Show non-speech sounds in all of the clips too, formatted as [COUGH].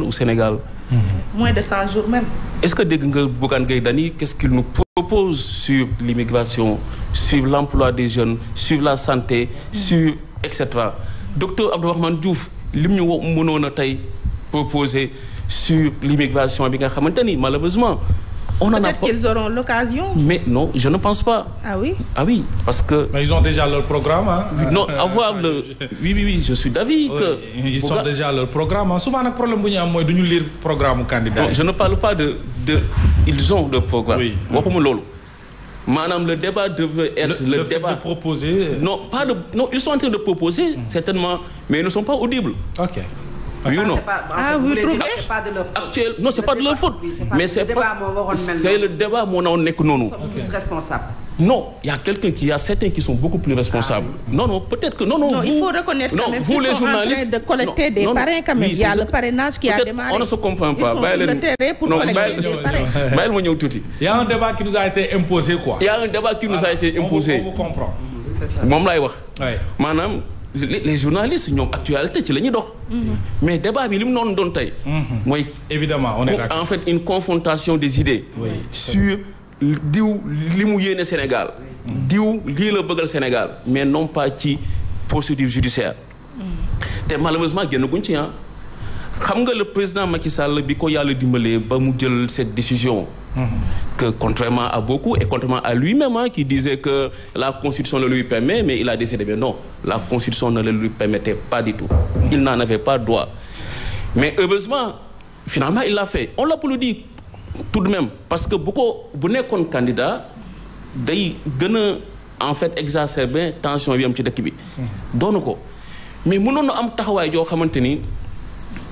au Sénégal. Mm-hmm. Moins de 100 jours même. Est-ce que dès que Dani, qu'est-ce qu'il nous propose sur l'immigration, sur l'emploi des jeunes, sur la santé, mm-hmm. sur etc. Docteur Abdourahmane Diouf, l'immigration proposé sur l'immigration, malheureusement, on qu'ils auront l'occasion. Mais non, je ne pense pas. Ah oui Ah oui, parce que. Mais ils ont déjà leur programme. Hein. Non, avoir le. [LAUGHS] Oui, oui, oui, je suis d'avis que. Ils ont déjà leur programme. Hein. Souvent, le problème, c'est de nous lire le programme candidat. je ne parle pas de. de... Ils ont le programme. Oui. Madame, le débat devait être le, débat. De Non, pas de, non, ils sont en train de proposer, certainement, mais ils ne sont pas audibles. OK oui ou non ah vous trouvez actuel non c'est pas de leur faute mais c'est c'est le débat mon on est que non il y a quelqu'un qui y a certains qui sont beaucoup plus responsables ah, non non peut-être que non non vous il faut reconnaître quand même qu'ils sont en de collecter des parrains quand même il y a le parrainage qui a démarré on ne se comprend pas non bàyyi [LAUGHS] bàyyi collecter des parrains. il y a un débat qui nous a été imposé quoi il y a un débat qui nous a été imposé vous laay wax Manam les journalistes ont actualité ci la dox. Mhm. mais débat bi lim mu don tay moy mhm. évidemment on est en fait une confrontation des idées. sur diw li mu Sénégal. diw li la bëggal Sénégal mais non pas ci procédure judiciaire. Mhm. te malheureusement génn guñ ci hein xam nga le président Macky Sall bi ko yàlla dimbalee ba mu jël cette décision. Que contrairement à beaucoup et contrairement à lui-même hein, qui disait que la Constitution le lui permet, mais il a décidé bien non, la Constitution ne lui permettait pas du tout. Il n'en avait pas droit. Mais heureusement, finalement, il l'a fait. On l'a dire tout de même parce que beaucoup, bu candidats candidat day en fait exacerber tension bi am ci dëkk mm-hmm. mais nous am comment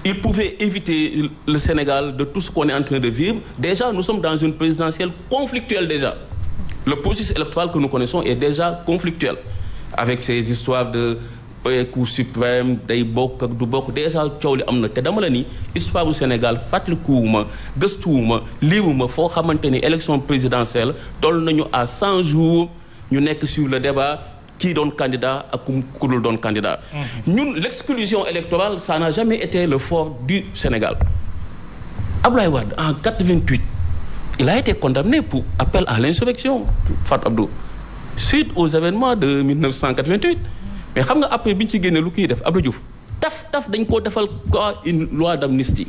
il pouvait éviter le Sénégal de tout ce qu'on est en train de vivre. Déjà, nous sommes dans une présidentielle conflictuelle déjà. Le processus électoral que nous connaissons est déjà conflictuel. Avec ces histoires de euh, Cour suprême, des bok, du déjà, amna. histoire du Sénégal, fatli kouma, gestouma, liwouma, faut maintenir élection présidentielle, tol nañu à 100 jours, nous sommes sur le débat, qui donne candidat à qui donne candidat mhm. l'exclusion électorale ça n'a jamais été le fort du Sénégal Ablaye Wade en 88 il a été condamné pour appel à l'insurrection Fat Abdou suite aux événements de 1988 mais xam nga après bi Abdou Diouf taf taf dañ une loi d'amnistie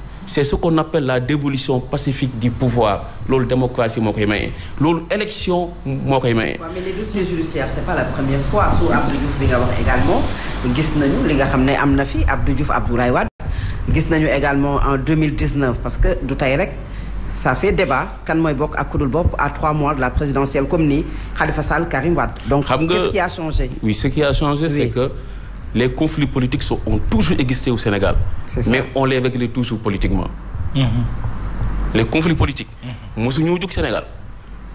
c'est ce qu'on appelle la dévolution pacifique du pouvoir l'ol démocratie moo élection mais les dossiers judiciaires c'est pas la première fois Sur Abdou Diouf également gis nañu li nga xam ne fi Abdou Diouf Wade également en 2019 parce que du ça fait débat quand mooy a ak kudul à trois mois de la présidentielle comme ni Khalifa Sall Karim Wade. donc qu'est-ce qui a changé. oui ce qui a changé c'est que les conflits politiques ont toujours existé au Sénégal. Mais on les réglait toujours politiquement. Mm-hmm. Les conflits politiques. nous sommes mm-hmm. Sénégal.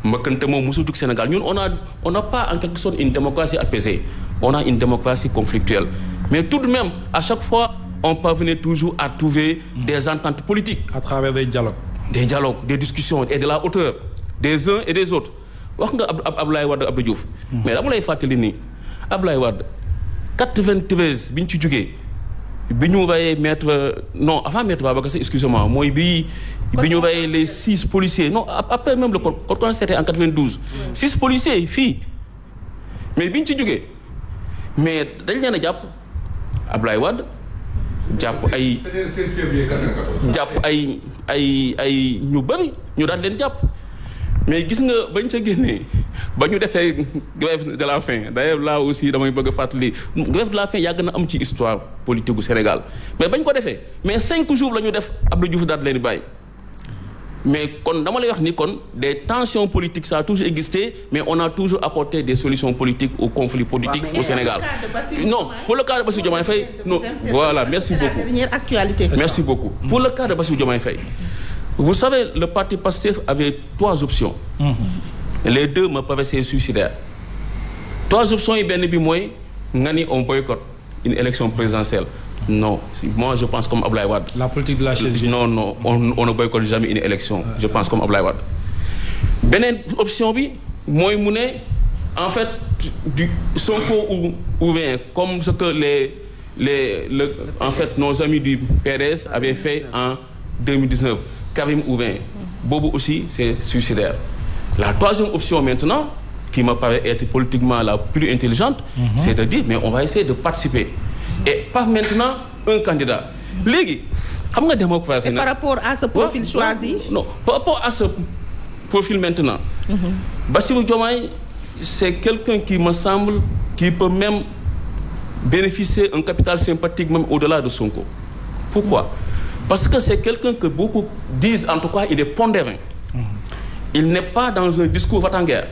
nous au Sénégal nous on a n'a pas en quelque sorte une démocratie apaisée. On a une démocratie conflictuelle. Mais tout de même, à chaque fois, on parvenait toujours à trouver mm. des ententes politiques. À travers des dialogues. Des dialogues, des discussions et de la hauteur des uns et des autres. Mm-hmm. mais 93 biñ ci biñu non avant maître Babacar excusez-moi bi les six policiers non après même le code c'était en 92 6 mm. policiers fi. mais biñ ci mais dañ a Ablaye Wade ay ay ay ay mais gis nga bañ ba de faits grève de la faim d'ailleurs là aussi dans bëgg époque fatli, grève de la faim y a une ci histoire politique au Sénégal mais bañ ko faits mais cinq jours la de def Abdou Diouf daal mais kon dama lay wax ni des tensions politiques ça a toujours existé mais on a toujours apporté des solutions politiques aux conflits politiques au Sénégal non pour le cas de Bassirou Diomaye Faye non voilà merci beaucoup merci mm-hmm. beaucoup pour le cas de M. Diomaye Faye vous savez le parti passif avait trois options mm-hmm les deux me paraissaient suicidaires trois options il y bi on boycott une élection présidentielle non moi je pense comme Ablaye la politique de la chaise non non on ne boycotte jamais une élection. je pense comme Ablaye Wad. une option bi en fait du Sonko ou comme ce que les les en fait nos amis du PDS avaient fait en 2019 Karim Ouvin. Bobo aussi c'est suicidaire. La troisième option maintenant, qui me paraît être politiquement la plus intelligente, mhm. c'est de dire, mais on va essayer de participer. Et pas maintenant un candidat. Légui, démocratie. Et par rapport à ce profil choisi Non, par rapport à ce profil maintenant, mm c'est quelqu'un qui me semble qui peut même bénéficier d'un capital sympathique même au-delà de son Sonko. Pourquoi mhm. Parce que c'est quelqu'un que beaucoup disent, en tout cas, il est pondéré. Mhm il n'est pas dans un discours va t guerre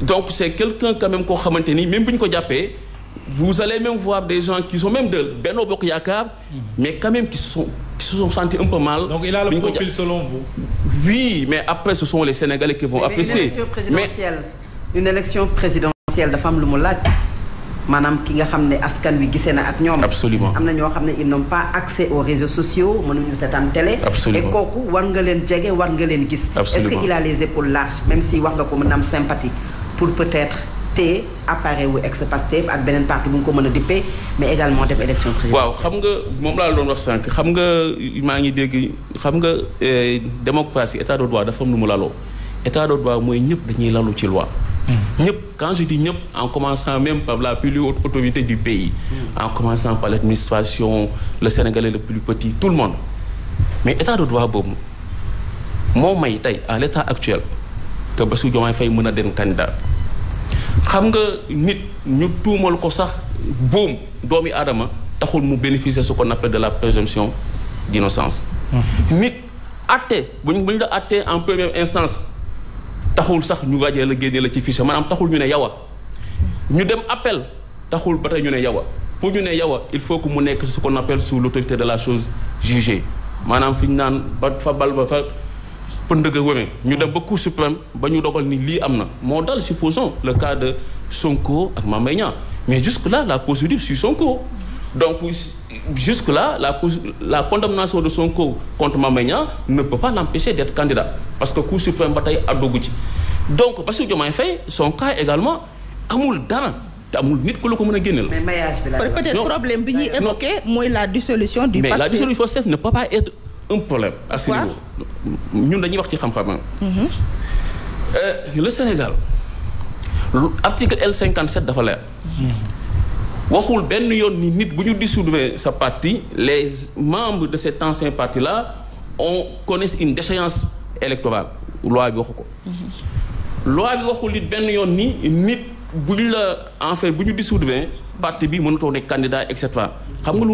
donc c'est quelqu'un quand même qu'on va tenir. même bu vous allez même voir des gens qui sont même de Benno Bokk mhm. mais quand même qui sont qui se sont sentis un peu mal. donc il a le profil selon vous. oui mais après ce sont les Sénégalais qui vont apprécier une élection présidentielle de une élection présidentielle manam ki nga xamné askan wi gisee ak ñoom. absolument am na ne ils n'ont pas accès aux réseaux sociaux mënuñu seetaan télé. absolument et kooku war nga leen djégué war nga leen gis. est-ce qu'il a les épaules larges même si wax nga ko mën am sympathie pour peut-être. té appareil wu ex pasté ak benen parti bu ñu ko mëna dippé mais également dem élection présidentielle. waaw xam nga mom la doon wax sank xam nga ma ngi dégg xam nga eh, démocratie état de droit dafa am lu mu laloo état de droit moy ñëpp dañuy lalu ci loi quand je dis pas », en commençant même par la plus haute autorité du pays mm. en commençant par l'administration le Sénégalais le plus petit tout le monde mais état de droit mon moo may à l'état actuel que suis en train de faire un candidat xam nga nit ñu tuumal ko sax boom doomi aadama taxul mu bénéficier ce qu'on appelle de la présomption d'innocence mm. nit atte buñ la en première instance taxul sax ñu wajé la gënné la ci fichier manam taxul ñu né yawa. ñu dem appel taxul batay ñu né yawa pour ñu né yawa il faut que mu nekk ce qu'on appelle sous l'autorité de la chose jugée manam fiñ ñu ba fa bal ba fa pëndëg a wëre ñu dem ba cour suprême ba ñu dogal ni li amna mo dal supposons le cas de Sonko ak Mame mais jusque là la procédure sur Sonko donc jusque-là, la, la, condamnation de son coup contre Mamegna ne peut pas l'empêcher d'être candidat. Parce que coup suprême bataille à Dogouti. Donc, parce que Diomaye fait son cas également, à dara. amul nit ko a mais peut-être problème qui est évoqué la dissolution du. mais la dissolution ne peut pas être un problème. à ce niveau ñun dañuy wax ci mhm. euh, le Sénégal l'article L57 dafa leer. Mhm waxul ben yoon ni nit buñu dissoudre sa parti les membres de cet ancien parti là on connaissent une déchéance électorale loi bi waxuko mhm. loi bi waxul it ben yoon ni nit bu la en fait bu dissoudre parti bi mënatoo nek candidat etc. xam nga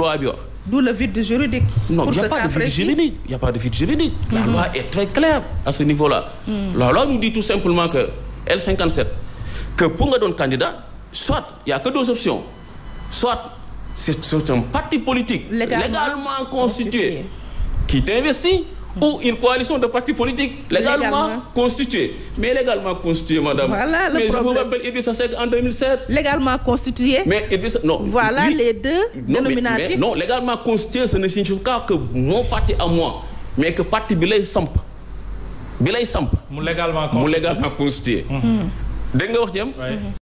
loi bi wax D'où le vide juridique. Non, il n'y a, pas de vide juridique. Il n'y a pas de vide juridique. La mhm. loi est très claire à ce niveau-là. Mhm. La loi nous dit tout simplement que L57, que pour don candidat, soit, il n'y a que deux options. Soit, c'est un parti politique légalement, constitué qui t'investit ou une coalition de partis politiques légalement, constitués. Mais légalement constitué, madame. Voilà mais je vous rappelle Idrissa en 2007. Légalement constitué. Mais Idrissa, non. Voilà les deux non, non, légalement constitué, ce ne signifie pas que mon parti à moi, mais que parti Bilay Samp. Bilay Samp. légalement constitué. Mon légalement constitué. Hum.